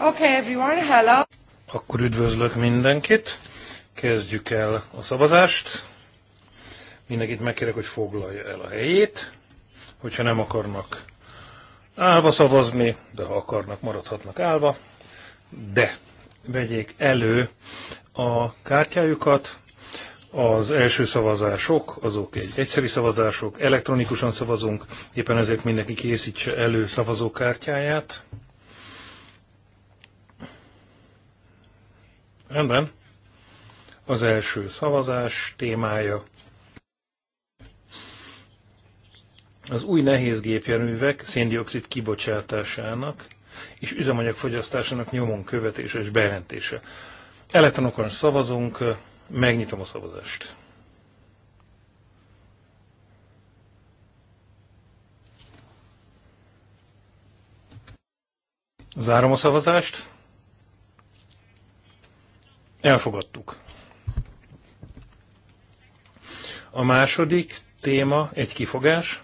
Okay, everyone, hello. Akkor üdvözlök mindenkit. Kezdjük el a szavazást. Mindenkit megkérek, hogy foglalja el a helyét, hogyha nem akarnak állva szavazni, de ha akarnak, maradhatnak állva. De vegyék elő a kártyájukat. Az első szavazások, azok egy egyszerű szavazások, elektronikusan szavazunk, éppen ezért mindenki készítse elő szavazókártyáját. Rendben. Az első szavazás témája az új nehéz gépjárművek széndiokszid kibocsátásának és üzemanyagfogyasztásának nyomon követése és bejelentése. Elektronokon szavazunk, megnyitom a szavazást. Zárom a szavazást. Elfogadtuk. A második téma egy kifogás.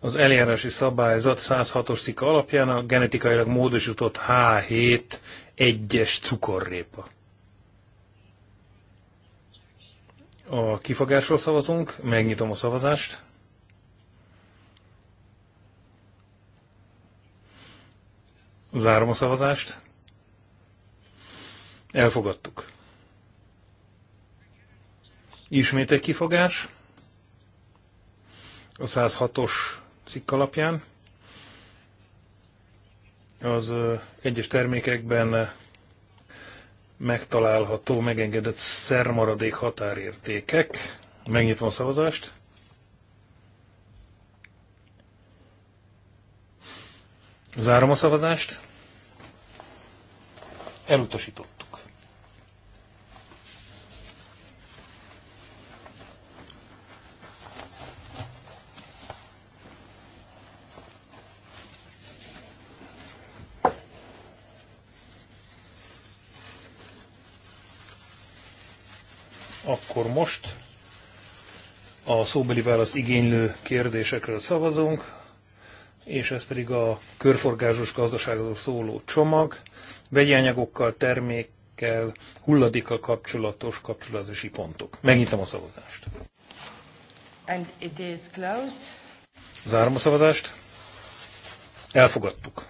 Az eljárási szabályzat 106-os szika alapján a genetikailag módosított H7 egyes cukorrépa. A kifogásról szavazunk, megnyitom a szavazást. Zárom a szavazást. Elfogadtuk. Ismét egy kifogás. A 106-os cikk alapján az egyes termékekben megtalálható, megengedett szermaradék határértékek. Megnyitom a szavazást. Zárom a szavazást. Elutasított. Akkor most a szóbeli választ igénylő kérdésekről szavazunk, és ez pedig a körforgásos gazdaságról szóló csomag, vegyi anyagokkal, termékkel, hulladékkal kapcsolatos kapcsolatosi pontok. Megnyitom a szavazást. And it is closed. Zárom a szavazást. Elfogadtuk.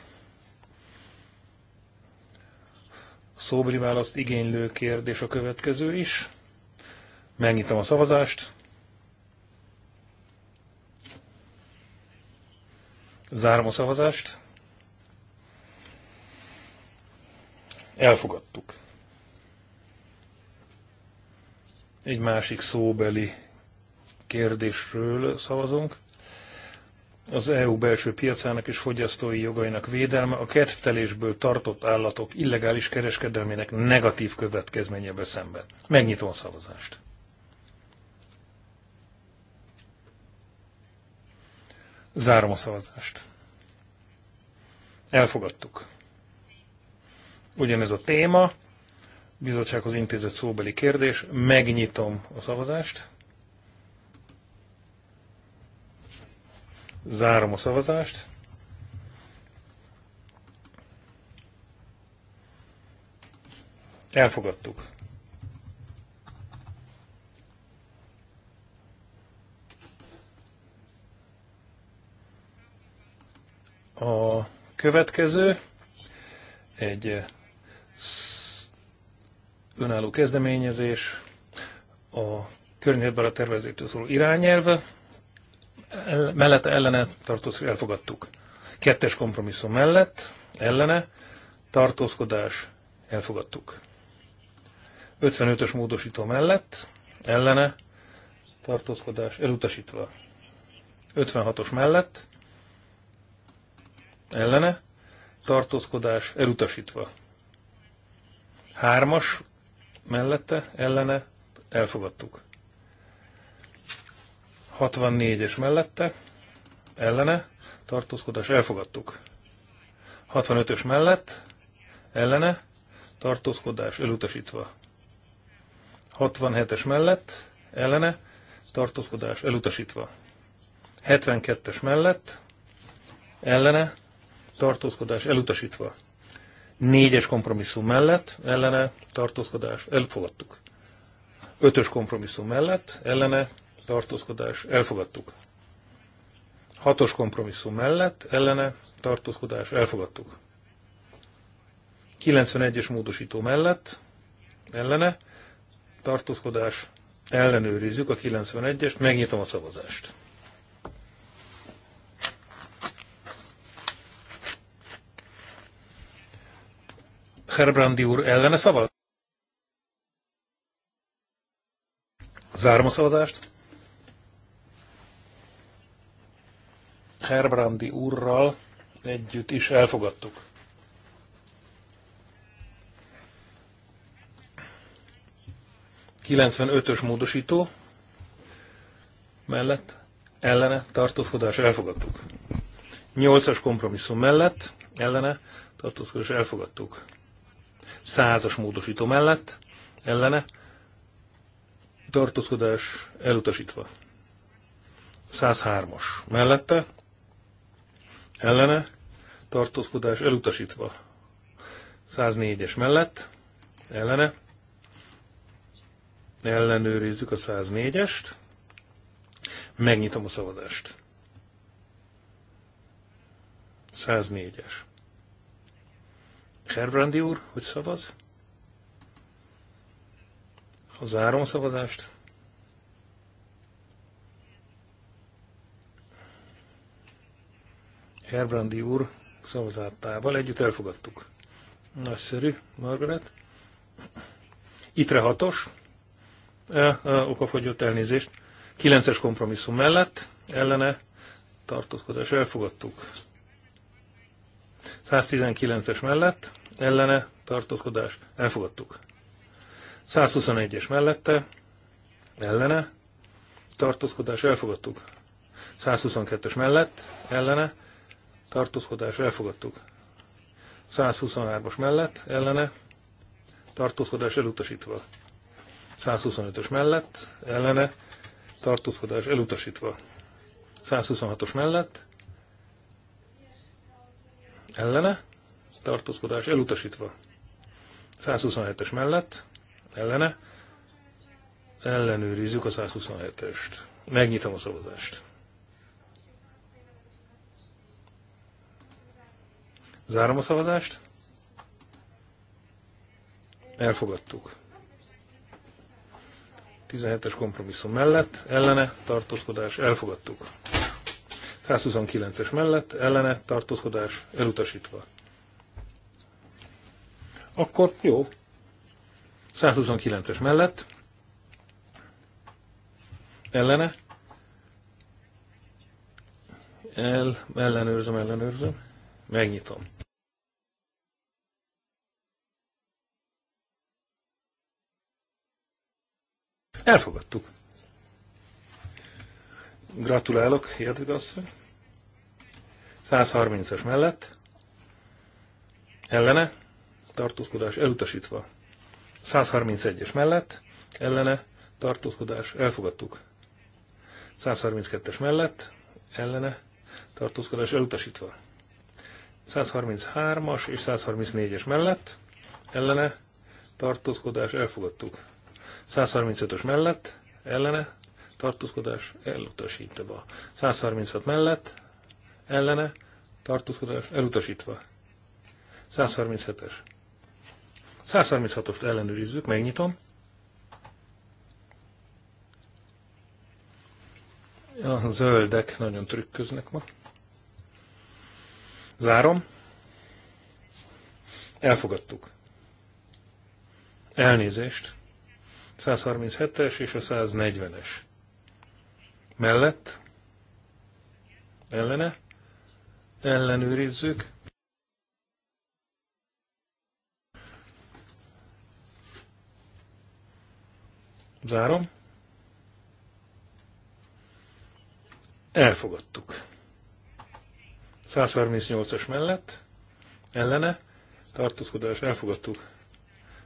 Szóbeli választ igénylő kérdés a következő is. Megnyitom a szavazást. Zárom a szavazást. Elfogadtuk. Egy másik szóbeli kérdésről szavazunk. Az EU belső piacának és fogyasztói jogainak védelme a kertelésből tartott állatok illegális kereskedelmének negatív következménye szemben. Megnyitom a szavazást. Zárom a szavazást. Elfogadtuk. Ugyanez a téma, bizottsághoz intézett szóbeli kérdés, megnyitom a szavazást. Zárom a szavazást. Elfogadtuk. A következő egy eh, önálló kezdeményezés, a környezetbarát tervezésről szóló irányelv, mellette ellene tartózkodást elfogadtuk. Kettes kompromisszum mellett ellene tartózkodás elfogadtuk. 55-ös módosító mellett ellene tartózkodás elutasítva. 56-os mellett ellene, tartózkodás elutasítva. Hármas mellette, ellene, elfogadtuk. 64-es mellette, ellene, tartózkodás elfogadtuk. 65-ös mellett, ellene, tartózkodás elutasítva. 67-es mellett, ellene, tartózkodás elutasítva. 72-es mellett, ellene, tartózkodás elutasítva. Négyes kompromisszum mellett, ellene, tartózkodás, elfogadtuk. Ötös kompromisszum mellett, ellene, tartózkodás, elfogadtuk. Hatos kompromisszum mellett, ellene, tartózkodás, elfogadtuk. 91-es módosító mellett, ellene, tartózkodás, ellenőrizzük a 91-est, megnyitom a szavazást. Herbrandi úr ellene szavaz? Zárom a szavazást. Herbrandi úrral együtt is elfogadtuk. ös módosító mellett ellene tartózkodás elfogadtuk. 8-as kompromisszum mellett ellene tartózkodás elfogadtuk százas módosító mellett ellene tartózkodás elutasítva. 103-as mellette ellene tartózkodás elutasítva. 104-es mellett ellene ellenőrizzük a 104-est. Megnyitom a szavazást. 104-es. Herbrandi úr, hogy szavaz? Ha zárom szavazást. Herbrandi úr szavazátával együtt elfogadtuk. Nagyszerű, Margaret. Itre hatos. E, e, okafogyott elnézést. Kilences kompromisszum mellett, ellene tartózkodás elfogadtuk. 119-es mellett, ellene, tartózkodás, elfogadtuk. 121-es mellette, ellene, tartózkodás, elfogadtuk. 122-es mellett, ellene, tartózkodás, elfogadtuk. 123-as mellett, ellene, tartózkodás elutasítva. 125-ös mellett, ellene, tartózkodás elutasítva. 126-os mellett, ellene, tartózkodás elutasítva. 127-es mellett, ellene, ellenőrizzük a 127-est. Megnyitom a szavazást. Zárom a szavazást. Elfogadtuk. 17-es kompromisszum mellett, ellene, tartózkodás, elfogadtuk. 129-es mellett ellene tartózkodás elutasítva. Akkor jó. 129-es mellett ellene el, ellenőrzöm, ellenőrzöm, megnyitom. Elfogadtuk. Gratulálok, Jadvig asszony. 130-as mellett. Ellene. Tartózkodás elutasítva. 131-es mellett. Ellene. Tartózkodás elfogadtuk. 132-es mellett. Ellene. Tartózkodás elutasítva. 133-as és 134-es mellett. Ellene. Tartózkodás elfogadtuk. 135-ös mellett. Ellene tartózkodás elutasítva. 136 mellett, ellene, tartózkodás elutasítva. 137-es. 136-ost ellenőrizzük, megnyitom. A zöldek nagyon trükköznek ma. Zárom. Elfogadtuk. Elnézést. 137-es és a 140-es mellett, ellene, ellenőrizzük. Zárom. Elfogadtuk. 138-as mellett, ellene, tartózkodás, elfogadtuk.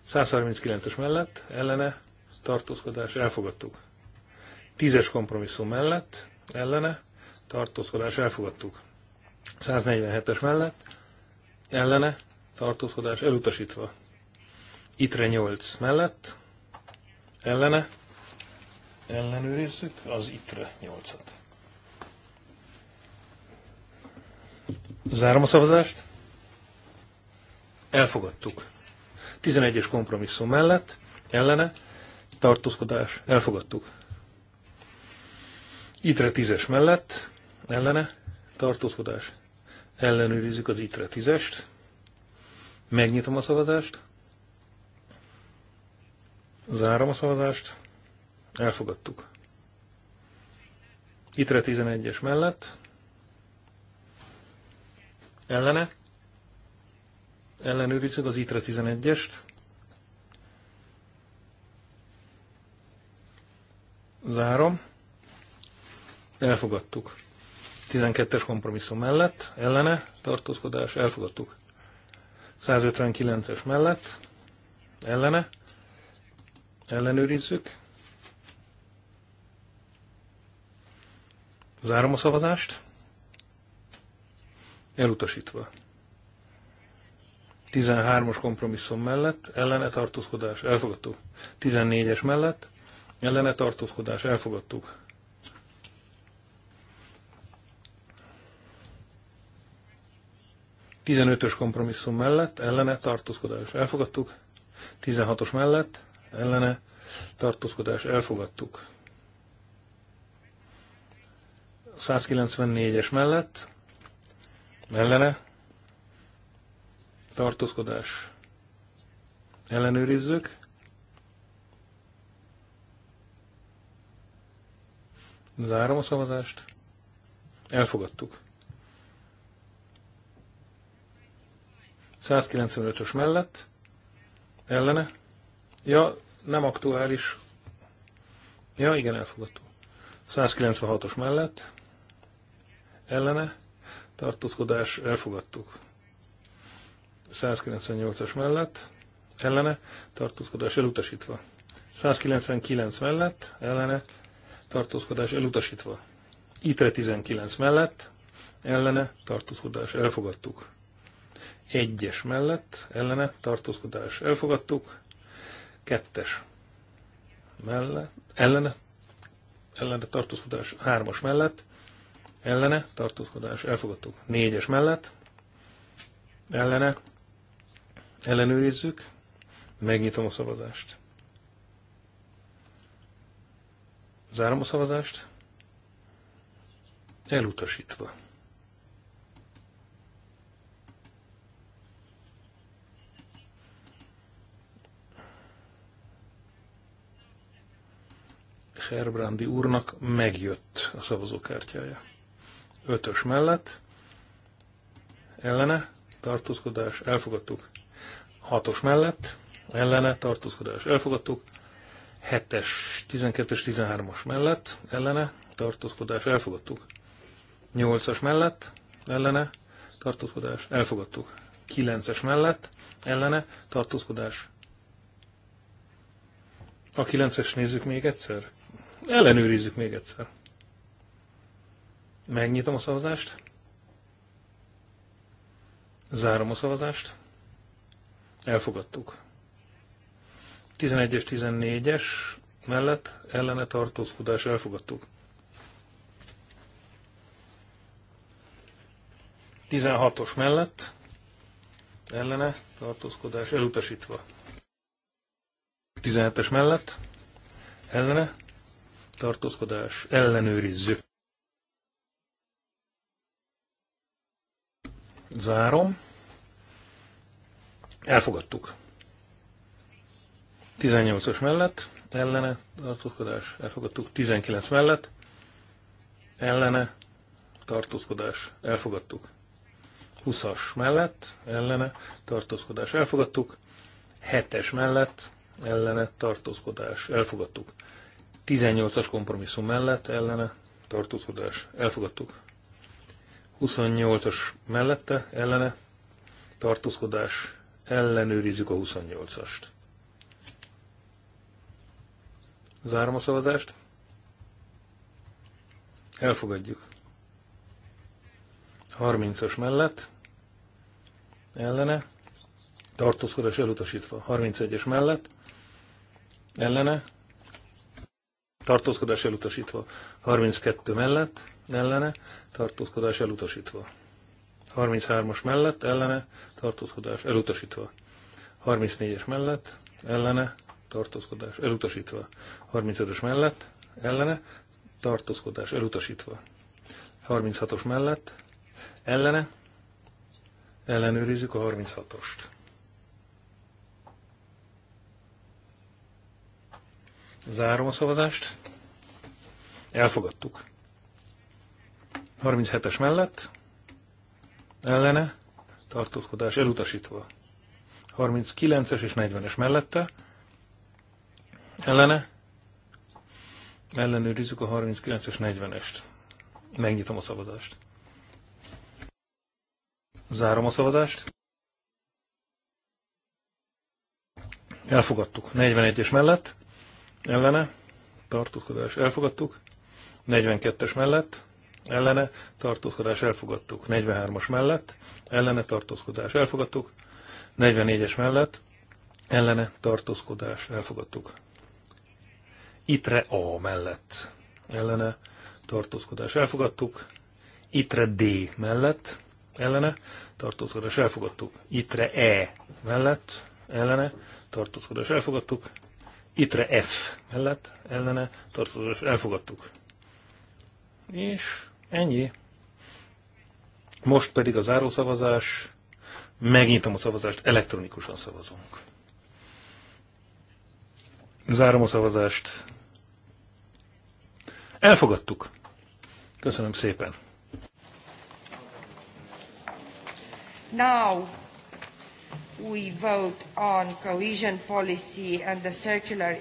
139-es mellett, ellene, tartózkodás, elfogadtuk. Tízes kompromisszum mellett, ellene, tartózkodás elfogadtuk. 147-es mellett, ellene, tartózkodás elutasítva. Itre 8 mellett, ellene, ellenőrizzük az itre 8-at. Zárom a szavazást. Elfogadtuk. 11-es kompromisszum mellett, ellene, tartózkodás, elfogadtuk. ITRE 10-es mellett, ellene, tartózkodás. Ellenőrizzük az ITRE 10-est. Megnyitom a szavazást. Zárom a szavazást. Elfogadtuk. ITRE 11-es mellett. Ellene. Ellenőrizzük az ITRE 11-est. Zárom elfogadtuk. 12-es kompromisszum mellett, ellene, tartózkodás, elfogadtuk. 159-es mellett, ellene, ellenőrizzük. Zárom a szavazást. Elutasítva. 13-os kompromisszum mellett, ellene tartózkodás, elfogadtuk. 14-es mellett, ellene tartózkodás, elfogadtuk. 15-ös kompromisszum mellett, ellene, tartózkodás elfogadtuk. 16-os mellett, ellene, tartózkodás elfogadtuk. 194-es mellett, ellene, tartózkodás ellenőrizzük. Zárom a szavazást. Elfogadtuk. 195-ös mellett, ellene. Ja, nem aktuális. Ja, igen, elfogadtuk. 196-os mellett, ellene, tartózkodás, elfogadtuk. 198-as mellett, ellene, tartózkodás elutasítva. 199 mellett, ellene, tartózkodás elutasítva. ITRE 19 mellett, ellene, tartózkodás elfogadtuk egyes mellett ellene tartózkodás elfogadtuk, kettes mellett, ellene, ellene tartózkodás hármas mellett, ellene tartózkodás elfogadtuk, négyes mellett, ellene ellenőrizzük, megnyitom a szavazást. Zárom a szavazást, elutasítva. Herbrandi úrnak megjött a szavazókártyája. Ötös mellett, ellene, tartózkodás, elfogadtuk. Hatos mellett, ellene, tartózkodás, elfogadtuk. Hetes, tizenkettes, 12-es, 13-as mellett, ellene, tartózkodás, elfogadtuk. Nyolcas mellett, ellene, tartózkodás, elfogadtuk. Kilences mellett, ellene, tartózkodás. A 9-es nézzük még egyszer. Ellenőrizzük még egyszer. Megnyitom a szavazást. Zárom a szavazást. Elfogadtuk. 11-es, 14-es mellett ellene tartózkodás elfogadtuk. 16-os mellett ellene tartózkodás elutasítva. 17-es mellett ellene tartózkodás, ellenőrizzük. Zárom. Elfogadtuk. 18-os mellett, ellene, tartózkodás, elfogadtuk. 19 mellett, ellene, tartózkodás, elfogadtuk. 20-as mellett, ellene, tartózkodás, elfogadtuk. 7-es mellett, ellene, tartózkodás, elfogadtuk. 18-as kompromisszum mellett ellene tartózkodás. Elfogadtuk. 28-as mellette ellene tartózkodás. Ellenőrizzük a 28-ast. Zárom a szavazást. Elfogadjuk. 30-as mellett ellene tartózkodás elutasítva. 31-es mellett ellene tartózkodás elutasítva. 32 mellett, ellene, tartózkodás elutasítva. 33-as mellett, ellene, tartózkodás elutasítva. 34-es mellett, ellene, tartózkodás elutasítva. 35-ös mellett, ellene, tartózkodás elutasítva. 36-os mellett, ellene, ellenőrizzük a 36-ost. Zárom a szavazást. Elfogadtuk. 37-es mellett. Ellene. Tartózkodás elutasítva. 39-es és 40-es mellette. Ellene. Ellenőrizzük a 39-es 40-est. Megnyitom a szavazást. Zárom a szavazást. Elfogadtuk. 41-es mellett ellene, tartózkodás elfogadtuk, 42-es mellett, ellene, tartózkodás elfogadtuk, 43-as mellett, ellene, tartózkodás elfogadtuk, 44-es mellett, ellene, tartózkodás elfogadtuk. Itre A mellett, ellene, tartózkodás elfogadtuk, Itre D mellett, ellene, tartózkodás elfogadtuk, Itre E mellett, ellene, tartózkodás elfogadtuk, Itre F mellett ellene tartozás elfogadtuk. És ennyi. Most pedig a zárószavazás. Megnyitom a szavazást, elektronikusan szavazunk. Zárom a szavazást. Elfogadtuk. Köszönöm szépen. Now we vote on cohesion policy and the circular...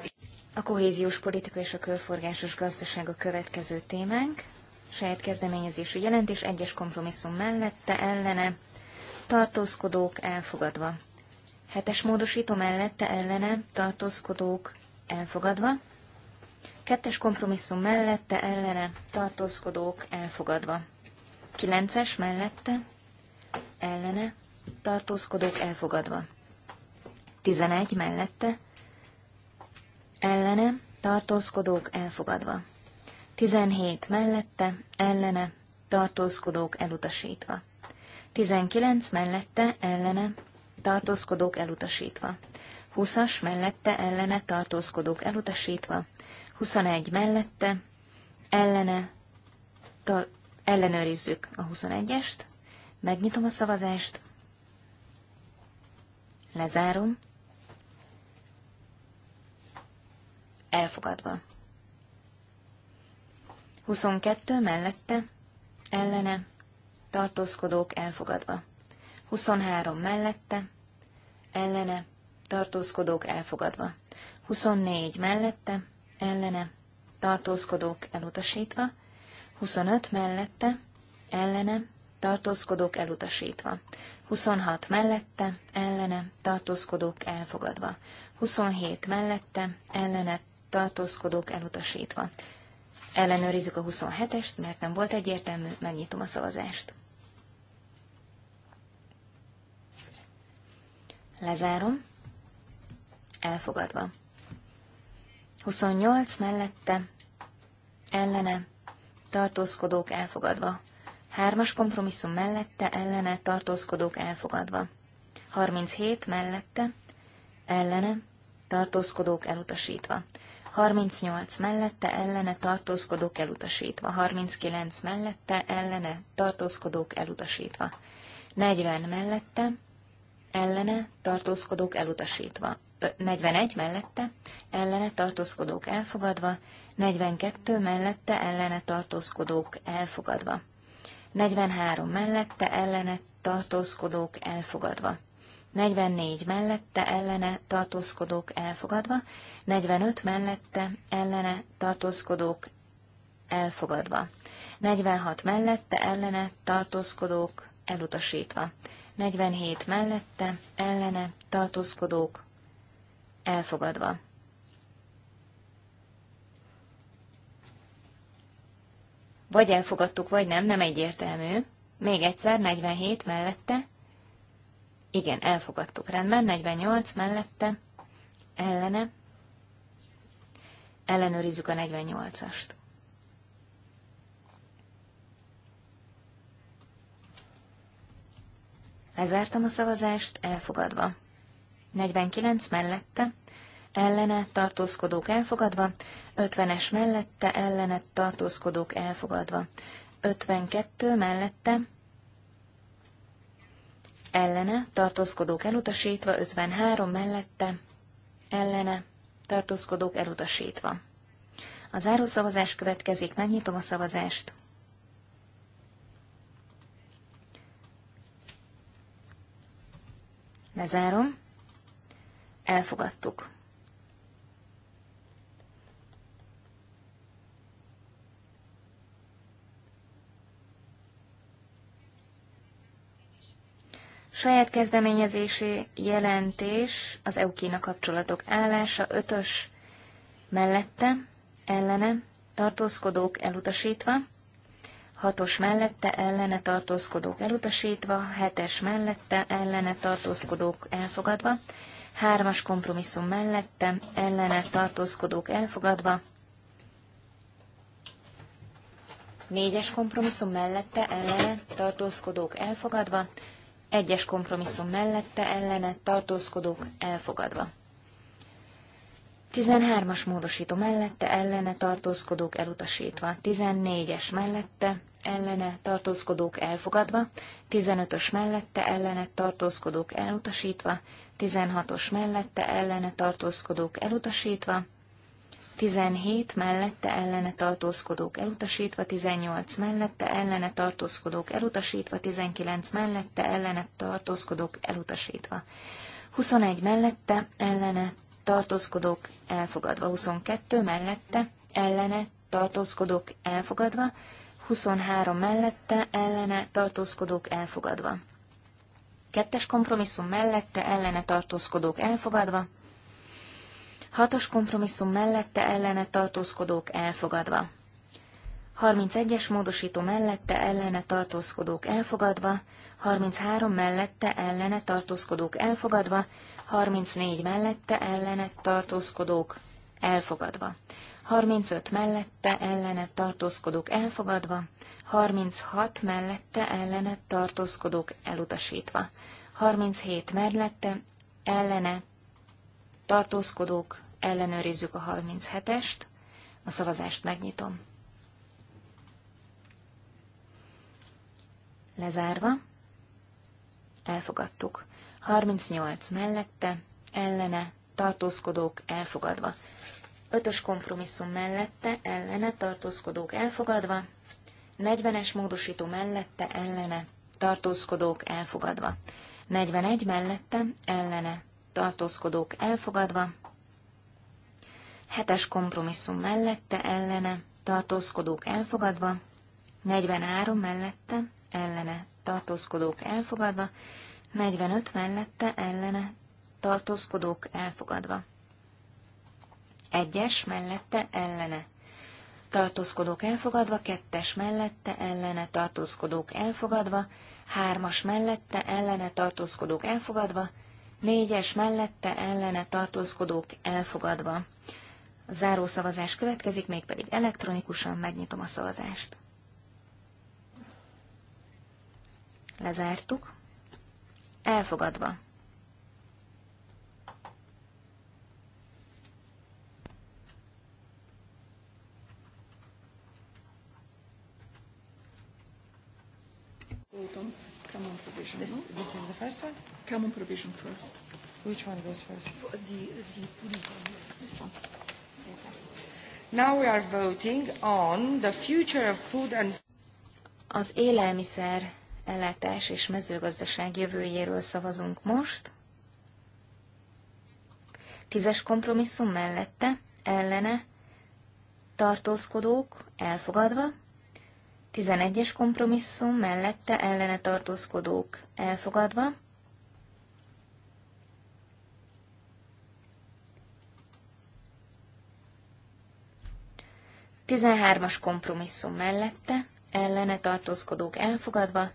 A kohéziós politika és a körforgásos gazdaság a következő témánk. Saját kezdeményezésű jelentés egyes kompromisszum mellette, ellene, tartózkodók elfogadva. Hetes módosító mellette, ellene, tartózkodók elfogadva. Kettes kompromisszum mellette, ellene, tartózkodók elfogadva. Kilences mellette, ellene, tartózkodók elfogadva. 11 mellette, ellene, tartózkodók elfogadva. 17 mellette, ellene, tartózkodók elutasítva. 19 mellette, ellene, tartózkodók elutasítva. 20-as mellette, ellene, tartózkodók elutasítva. 21 mellette, ellene, ta, ellenőrizzük a 21-est, megnyitom a szavazást, Lezárom. Elfogadva. 22 mellette, ellene, tartózkodók elfogadva. 23 mellette, ellene, tartózkodók elfogadva. 24 mellette, ellene, tartózkodók elutasítva. 25 mellette, ellene, tartózkodók elutasítva. 26 mellette, ellene, tartózkodók elfogadva. 27 mellette, ellene, tartózkodók elutasítva. Ellenőrizzük a 27-est, mert nem volt egyértelmű, megnyitom a szavazást. Lezárom. Elfogadva. 28 mellette, ellene, tartózkodók elfogadva. Hármas kompromisszum mellette ellene tartózkodók elfogadva. 37 mellette ellene tartózkodók elutasítva. 38 mellette ellene tartózkodók elutasítva. 39 mellette ellene tartózkodók elutasítva. 40 mellette ellene tartózkodók elutasítva. 41 mellette ellene tartózkodók elfogadva. 42 mellette ellene tartózkodók elfogadva. 43 mellette ellene tartózkodók elfogadva. 44 mellette ellene tartózkodók elfogadva, 45 mellette ellene tartózkodók elfogadva, 46 mellette ellene tartózkodók elutasítva, 47 mellette ellene tartózkodók elfogadva. Vagy elfogadtuk, vagy nem, nem egyértelmű. Még egyszer, 47 mellette. Igen, elfogadtuk. Rendben, 48 mellette. Ellene. Ellenőrizzük a 48-ast. Lezártam a szavazást, elfogadva. 49 mellette, ellene tartózkodók elfogadva, 50-es mellette ellene tartózkodók elfogadva, 52 mellette ellene tartózkodók elutasítva, 53 mellette ellene tartózkodók elutasítva. A zárószavazás következik, megnyitom a szavazást. Lezárom. Elfogadtuk. Saját kezdeményezésé jelentés az EU-Kína kapcsolatok állása ötös mellette, ellene, tartózkodók elutasítva, hatos mellette, ellene tartózkodók elutasítva, hetes mellette, ellene tartózkodók elfogadva, hármas kompromisszum mellette, ellene tartózkodók elfogadva, négyes kompromisszum mellette, ellene tartózkodók elfogadva, egyes kompromisszum mellette ellene tartózkodók elfogadva. 13-as módosító mellette ellene tartózkodók elutasítva, 14-es mellette ellene tartózkodók elfogadva, 15-ös mellette ellene tartózkodók elutasítva, 16-os mellette ellene tartózkodók elutasítva, 17 mellette ellene tartózkodók elutasítva, 18 mellette ellene tartózkodók elutasítva, 19 mellette ellene tartózkodók elutasítva. 21 mellette ellene tartózkodók elfogadva, 22 mellette ellene tartózkodók elfogadva, 23 mellette ellene tartózkodók elfogadva. Kettes kompromisszum mellette ellene tartózkodók elfogadva, Hatos kompromisszum mellette ellene tartózkodók elfogadva. 31-es módosító mellette ellene tartózkodók elfogadva, 33 mellette ellene tartózkodók elfogadva, 34 mellette ellene tartózkodók elfogadva, 35 mellette ellene tartózkodók elfogadva, 36 mellette ellene tartózkodók elutasítva, 37 mellette ellene tartózkodók, ellenőrizzük a 37-est, a szavazást megnyitom. Lezárva, elfogadtuk. 38 mellette, ellene, tartózkodók, elfogadva. Ötös kompromisszum mellette, ellene, tartózkodók, elfogadva. 40-es módosító mellette, ellene, tartózkodók, elfogadva. 41 mellette, ellene, tartózkodók elfogadva, hetes kompromisszum mellette ellene tartózkodók elfogadva, 43 mellette ellene tartózkodók elfogadva, 45 mellette ellene tartózkodók elfogadva. Egyes mellette ellene. Tartózkodók elfogadva, kettes mellette ellene tartózkodók elfogadva, hármas mellette ellene tartózkodók elfogadva, négyes mellette ellene tartózkodók elfogadva. A záró szavazás következik, mégpedig elektronikusan megnyitom a szavazást. Lezártuk. Elfogadva. Köszönöm common provision. This, no? this is the first one? Common provision first. Which one goes first? The, the This one. Okay. Now we are voting on the future of food and az élelmiszer ellátás és mezőgazdaság jövőjéről szavazunk most. Tízes kompromisszum mellette, ellene, tartózkodók elfogadva. 11-es kompromisszum mellette ellene tartózkodók elfogadva. Tizenhármas kompromisszum mellette, ellene tartózkodók elfogadva,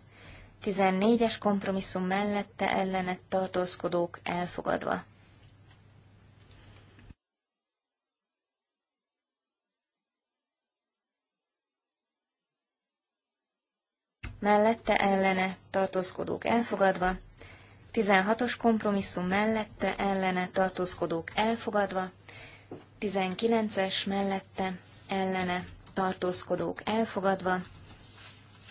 tizennégyes kompromisszum mellette, ellene tartózkodók elfogadva. mellette ellene tartózkodók elfogadva, 16-os kompromisszum mellette ellene tartózkodók elfogadva, 19-es mellette ellene tartózkodók elfogadva,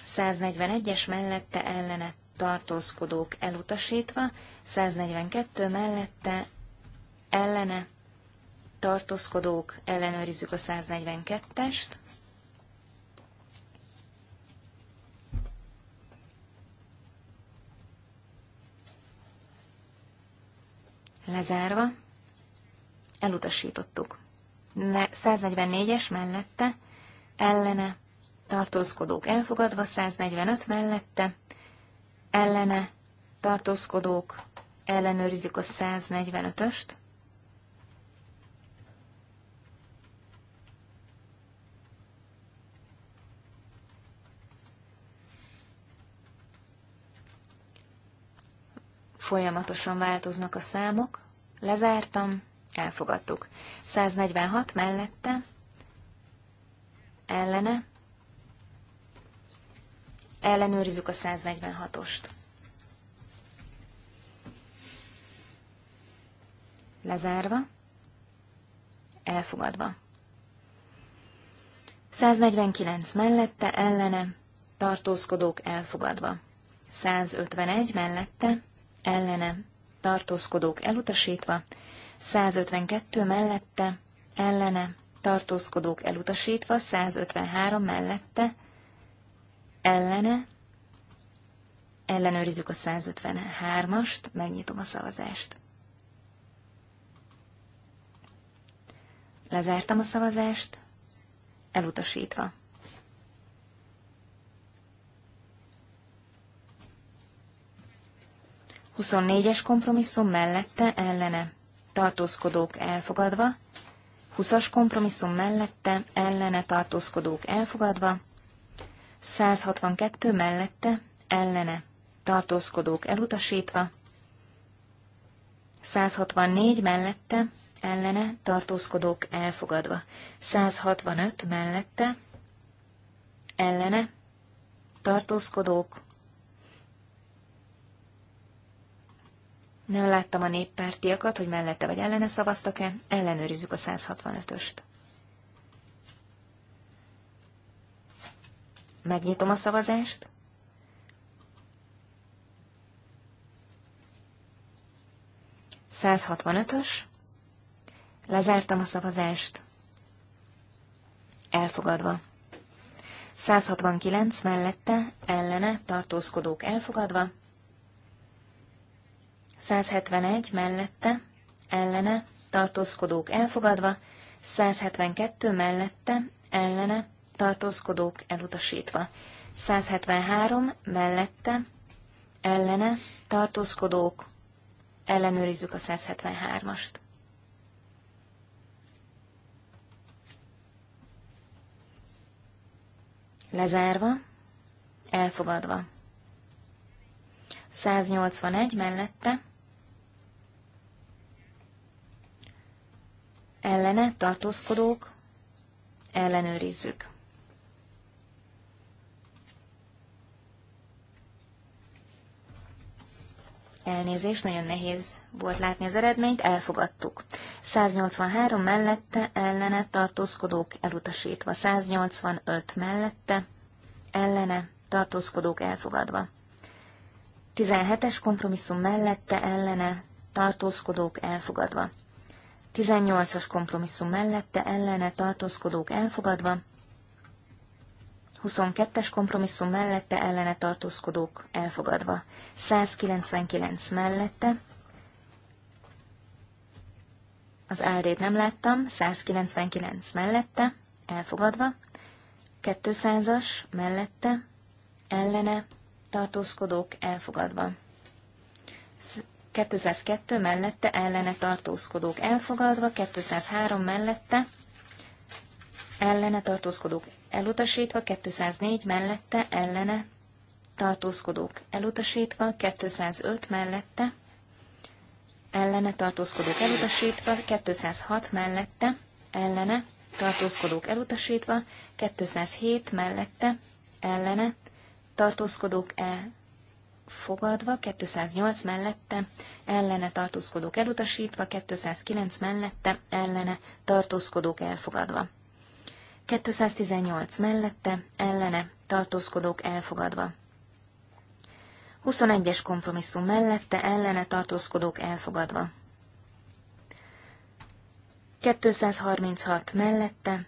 141-es mellette ellene tartózkodók elutasítva, 142 mellette ellene tartózkodók ellenőrizzük a 142-est, lezárva, elutasítottuk. 144-es mellette, ellene, tartózkodók elfogadva, 145 mellette, ellene, tartózkodók, ellenőrizzük a 145-öst, Folyamatosan változnak a számok. Lezártam, elfogadtuk. 146 mellette, ellene, ellenőrizzük a 146-ost. Lezárva, elfogadva. 149 mellette, ellene, tartózkodók elfogadva. 151 mellette, ellene tartózkodók elutasítva, 152 mellette, ellene tartózkodók elutasítva, 153 mellette, ellene, ellenőrizzük a 153-ast, megnyitom a szavazást. Lezártam a szavazást, elutasítva. 24-es kompromisszum mellette ellene tartózkodók elfogadva, 20-as kompromisszum mellette ellene tartózkodók elfogadva, 162 mellette ellene tartózkodók elutasítva, 164 mellette ellene tartózkodók elfogadva, 165 mellette ellene tartózkodók Nem láttam a néppártiakat, hogy mellette vagy ellene szavaztak-e. Ellenőrizzük a 165-öst. Megnyitom a szavazást. Százhatvanötös. Lezártam a szavazást. Elfogadva. 169 mellette, ellene, tartózkodók elfogadva. 171 mellette, ellene, tartózkodók elfogadva, 172 mellette, ellene, tartózkodók elutasítva, 173 mellette, ellene, tartózkodók, ellenőrizzük a 173-ast. Lezárva, elfogadva. 181 mellette, ellene tartózkodók, ellenőrizzük. Elnézés, nagyon nehéz volt látni az eredményt, elfogadtuk. 183 mellette, ellene tartózkodók elutasítva, 185 mellette, ellene tartózkodók elfogadva. 17-es kompromisszum mellette, ellene tartózkodók elfogadva. 18-as kompromisszum mellette ellene tartózkodók elfogadva, 22-es kompromisszum mellette ellene tartózkodók elfogadva, 199 mellette, az áldét nem láttam, 199 mellette, elfogadva, 200-as mellette, ellene tartózkodók elfogadva. 202 mellette ellene tartózkodók elfogadva, 203 mellette ellene tartózkodók elutasítva, 204 mellette ellene tartózkodók elutasítva, 205 mellette ellene tartózkodók elutasítva, 206 mellette ellene tartózkodók elutasítva, 207 mellette ellene tartózkodók elutasítva fogadva, 208 mellette, ellene tartózkodók elutasítva, 209 mellette, ellene tartózkodók elfogadva. 218 mellette, ellene tartózkodók elfogadva. 21-es kompromisszum mellette, ellene tartózkodók elfogadva. 236 mellette,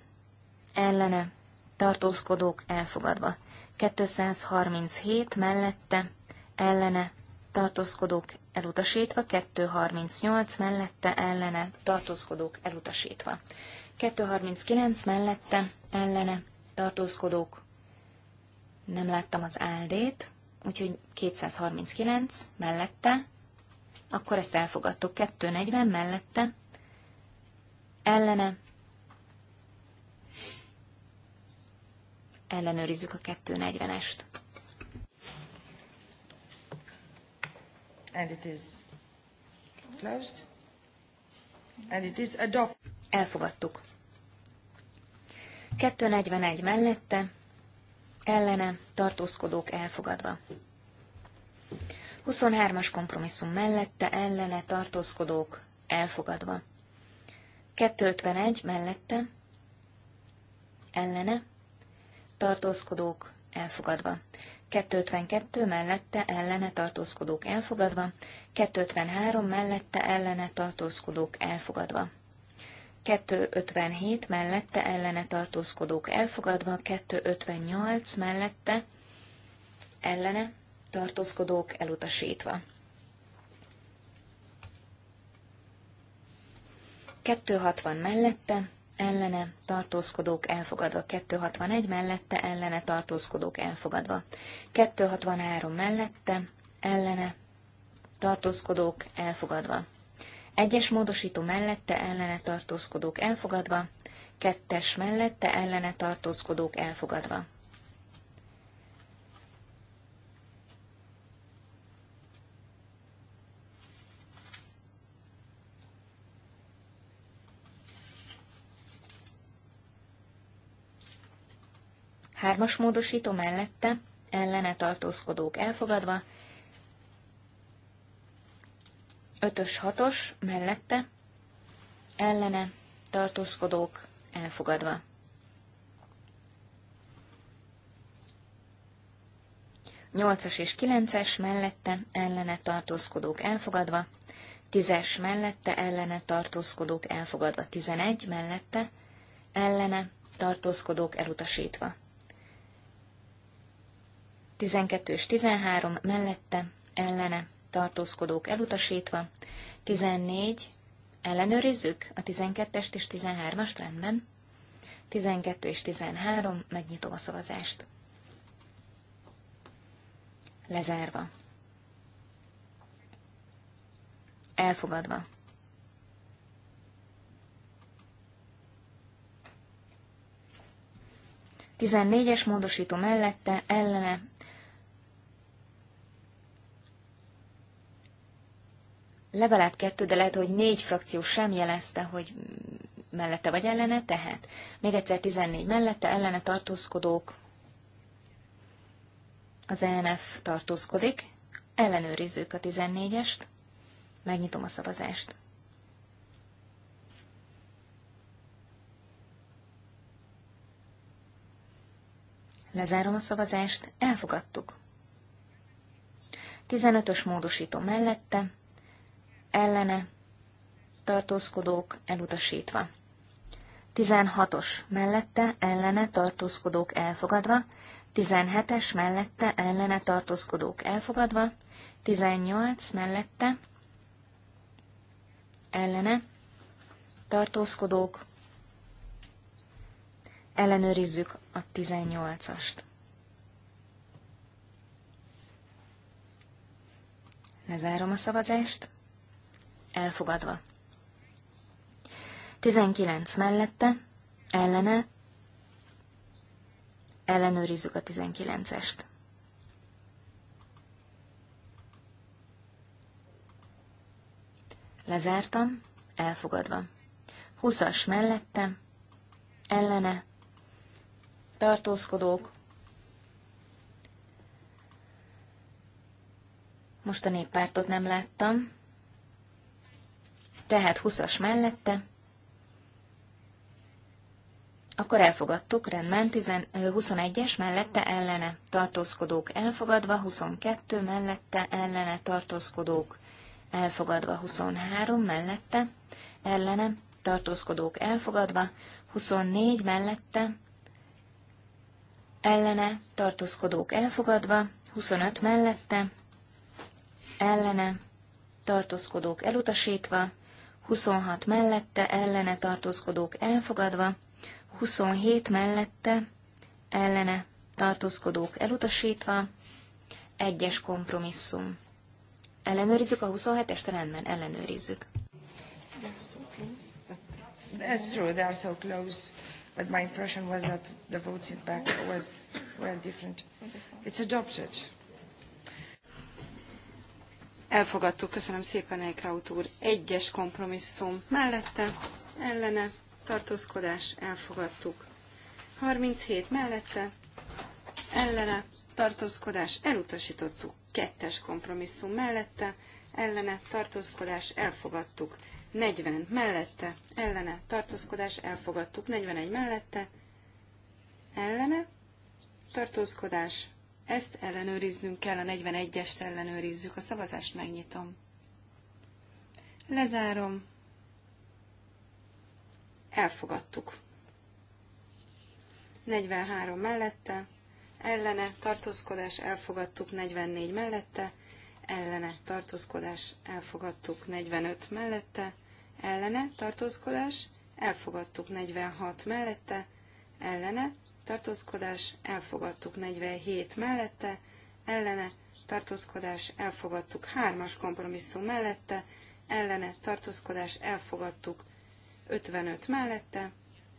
ellene tartózkodók elfogadva. 237 mellette, ellene tartózkodók elutasítva, 238 mellette ellene tartózkodók elutasítva. 239 mellette ellene tartózkodók nem láttam az áldét, úgyhogy 239 mellette, akkor ezt elfogadtuk, 240 mellette, ellene, ellenőrizzük a 240-est. and it is closed, and it is adopted. Elfogadtuk. 241 mellette, ellene, tartózkodók elfogadva. 23-as kompromisszum mellette, ellene, tartózkodók elfogadva. 251 mellette, ellene, tartózkodók elfogadva. 252 mellette ellene tartózkodók elfogadva, 253 mellette ellene tartózkodók elfogadva. 257 mellette ellene tartózkodók elfogadva, 258 mellette ellene tartózkodók elutasítva. 260 mellette ellene tartózkodók elfogadva, 261 mellette ellene tartózkodók elfogadva, 263 mellette ellene tartózkodók elfogadva, egyes módosító mellette ellene tartózkodók elfogadva, kettes mellette ellene tartózkodók elfogadva. Hármas módosító mellette, ellene tartózkodók elfogadva. Ötös, hatos mellette, ellene tartózkodók elfogadva. Nyolcas és kilences mellette, ellene tartózkodók elfogadva. Tízes mellette, ellene tartózkodók elfogadva. Tizenegy mellette, ellene tartózkodók elutasítva. 12 és 13 mellette, ellene, tartózkodók elutasítva, 14 ellenőrizzük a 12-est és 13-as rendben, 12 és 13 megnyitom a szavazást. Lezárva. Elfogadva. Tizennégyes módosító mellette, ellene, legalább kettő, de lehet, hogy négy frakció sem jelezte, hogy mellette vagy ellene, tehát még egyszer 14 mellette, ellene tartózkodók, az ENF tartózkodik, ellenőrizzük a 14-est, megnyitom a szavazást. Lezárom a szavazást, elfogadtuk. 15-ös módosító mellette, ellene, tartózkodók elutasítva. 16-os mellette, ellene, tartózkodók elfogadva, 17-es mellette, ellene, tartózkodók elfogadva, 18 mellette, ellene, tartózkodók, ellenőrizzük a 18-ast. Lezárom a szavazást elfogadva. 19 mellette, ellene, ellenőrizzük a 19-est. Lezártam, elfogadva. 20-as mellette, ellene, tartózkodók, Most a néppártot nem láttam tehát 20 mellette, akkor elfogadtuk, rendben, 21-es mellette ellene tartózkodók elfogadva, 22 mellette ellene tartózkodók elfogadva, 23 mellette ellene tartózkodók elfogadva, 24 mellette ellene tartózkodók elfogadva, 25 mellette ellene tartózkodók elutasítva, 26 mellette ellene tartózkodók elfogadva, 27 mellette ellene tartózkodók elutasítva, egyes kompromisszum. Ellenőrizzük a 27-est, rendben ellenőrizzük. That's true, they are so close. But my impression was that the votes in back was were different. It's adopted. Elfogadtuk, köszönöm szépen, Eichhaut úr. Egyes kompromisszum mellette, ellene, tartózkodás, elfogadtuk. 37 mellette, ellene, tartózkodás, elutasítottuk. Kettes kompromisszum mellette, ellene, tartózkodás, elfogadtuk. 40 mellette, ellene, tartózkodás, elfogadtuk. 41 mellette, ellene, tartózkodás, ezt ellenőriznünk kell, a 41-est ellenőrizzük, a szavazást megnyitom. Lezárom. Elfogadtuk. 43 mellette, ellene, tartózkodás, elfogadtuk, 44 mellette, ellene, tartózkodás, elfogadtuk, 45 mellette, ellene, tartózkodás, elfogadtuk, 46 mellette, ellene, tartózkodás, elfogadtuk 47 mellette, ellene, tartózkodás, elfogadtuk 3-as kompromisszum mellette, ellene, tartózkodás, elfogadtuk 55 mellette,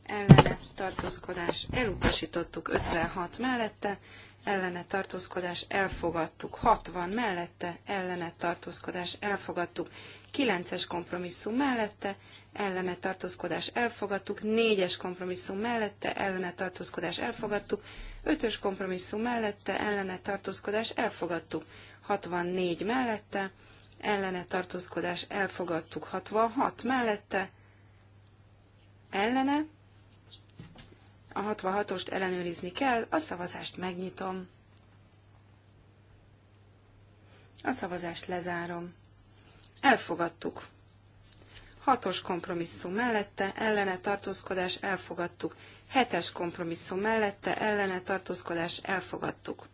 ellene, tartózkodás, elutasítottuk 56 mellette, ellene tartózkodás elfogadtuk, 60 mellette ellene tartózkodás elfogadtuk, 9-es kompromisszum mellette, ellene tartózkodás elfogadtuk, 4-es kompromisszum mellette, ellene tartózkodás elfogadtuk, 5-ös kompromisszum mellette, ellene tartózkodás elfogadtuk, 64 mellette, ellene tartózkodás elfogadtuk, 66 mellette, ellene, a 66-ost ellenőrizni kell, a szavazást megnyitom. A szavazást lezárom elfogadtuk. Hatos kompromisszum mellette, ellene tartózkodás, elfogadtuk. Hetes kompromisszum mellette, ellene tartózkodás, elfogadtuk.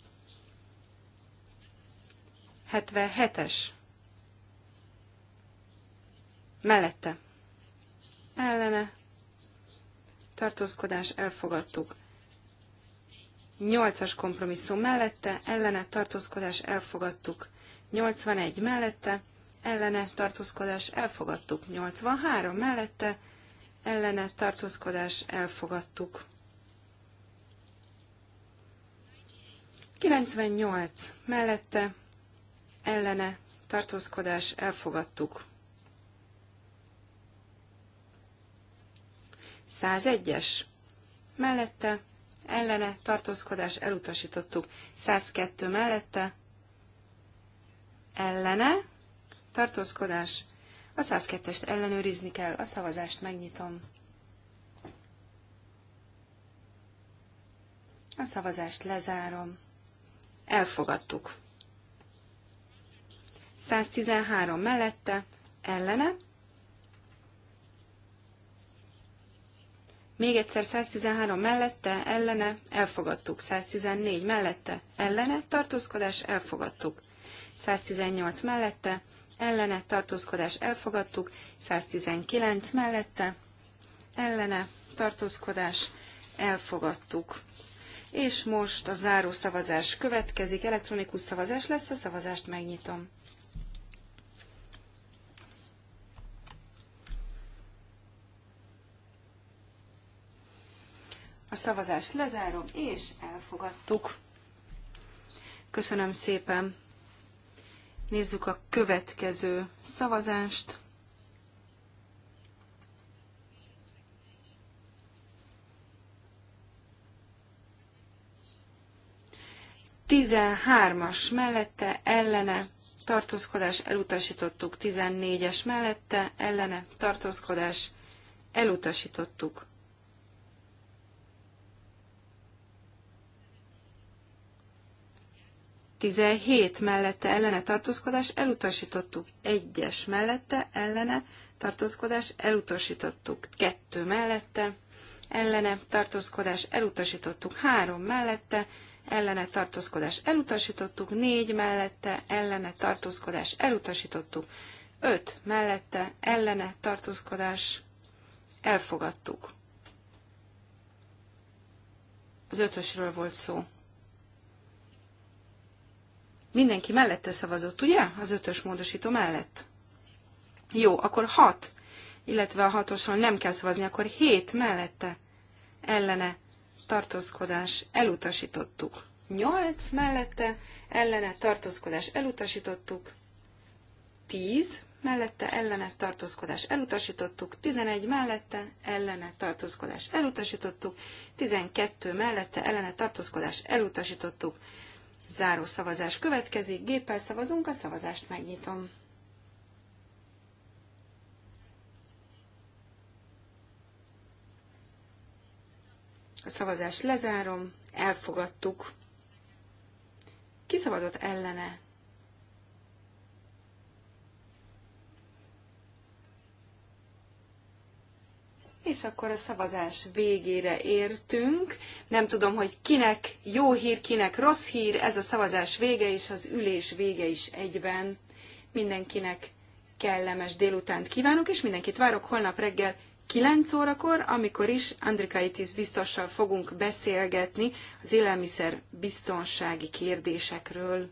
77-es. Mellette. Ellene. Tartózkodás, elfogadtuk. 8-as kompromisszum mellette, ellene tartózkodás elfogadtuk. 81 mellette, ellene tartózkodás elfogadtuk. 83 mellette ellene tartózkodás elfogadtuk. 98 mellette ellene tartózkodás elfogadtuk. 101-es mellette ellene tartózkodás elutasítottuk. 102 mellette ellene tartózkodás. A 102-est ellenőrizni kell, a szavazást megnyitom. A szavazást lezárom. Elfogadtuk. 113 mellette, ellene. Még egyszer 113 mellette, ellene, elfogadtuk. 114 mellette, ellene, tartózkodás, elfogadtuk. 118 mellette, ellene, tartózkodás elfogadtuk, 119 mellette, ellene, tartózkodás elfogadtuk. És most a záró szavazás következik, elektronikus szavazás lesz, a szavazást megnyitom. A szavazást lezárom, és elfogadtuk. Köszönöm szépen! Nézzük a következő szavazást. Tizenhármas mellette, ellene, tartózkodás elutasítottuk. Tizennégyes mellette, ellene, tartózkodás elutasítottuk. 17 mellette ellene tartózkodás elutasítottuk, 1-es mellette ellene tartózkodás elutasítottuk, 2 mellette ellene tartózkodás elutasítottuk, 3 mellette ellene tartózkodás elutasítottuk, 4 mellette ellene tartózkodás elutasítottuk, 5 mellette ellene tartózkodás elfogadtuk. Az ötösről volt szó. Mindenki mellette szavazott, ugye? Az ötös módosító mellett. Jó, akkor hat, illetve a hatosról nem kell szavazni, akkor hét mellette ellene tartózkodás elutasítottuk. Nyolc mellette ellene tartózkodás elutasítottuk. Tíz mellette ellene tartózkodás elutasítottuk, 11 mellette ellene tartózkodás elutasítottuk, 12 mellette ellene tartózkodás elutasítottuk, Záró szavazás következik, géppel szavazunk, a szavazást megnyitom. A szavazást lezárom, elfogadtuk. Ki szavazott ellene? és akkor a szavazás végére értünk. Nem tudom, hogy kinek jó hír, kinek rossz hír, ez a szavazás vége és az ülés vége is egyben. Mindenkinek kellemes délutánt kívánok, és mindenkit várok holnap reggel 9 órakor, amikor is Andrikaitis biztossal fogunk beszélgetni az élelmiszer biztonsági kérdésekről.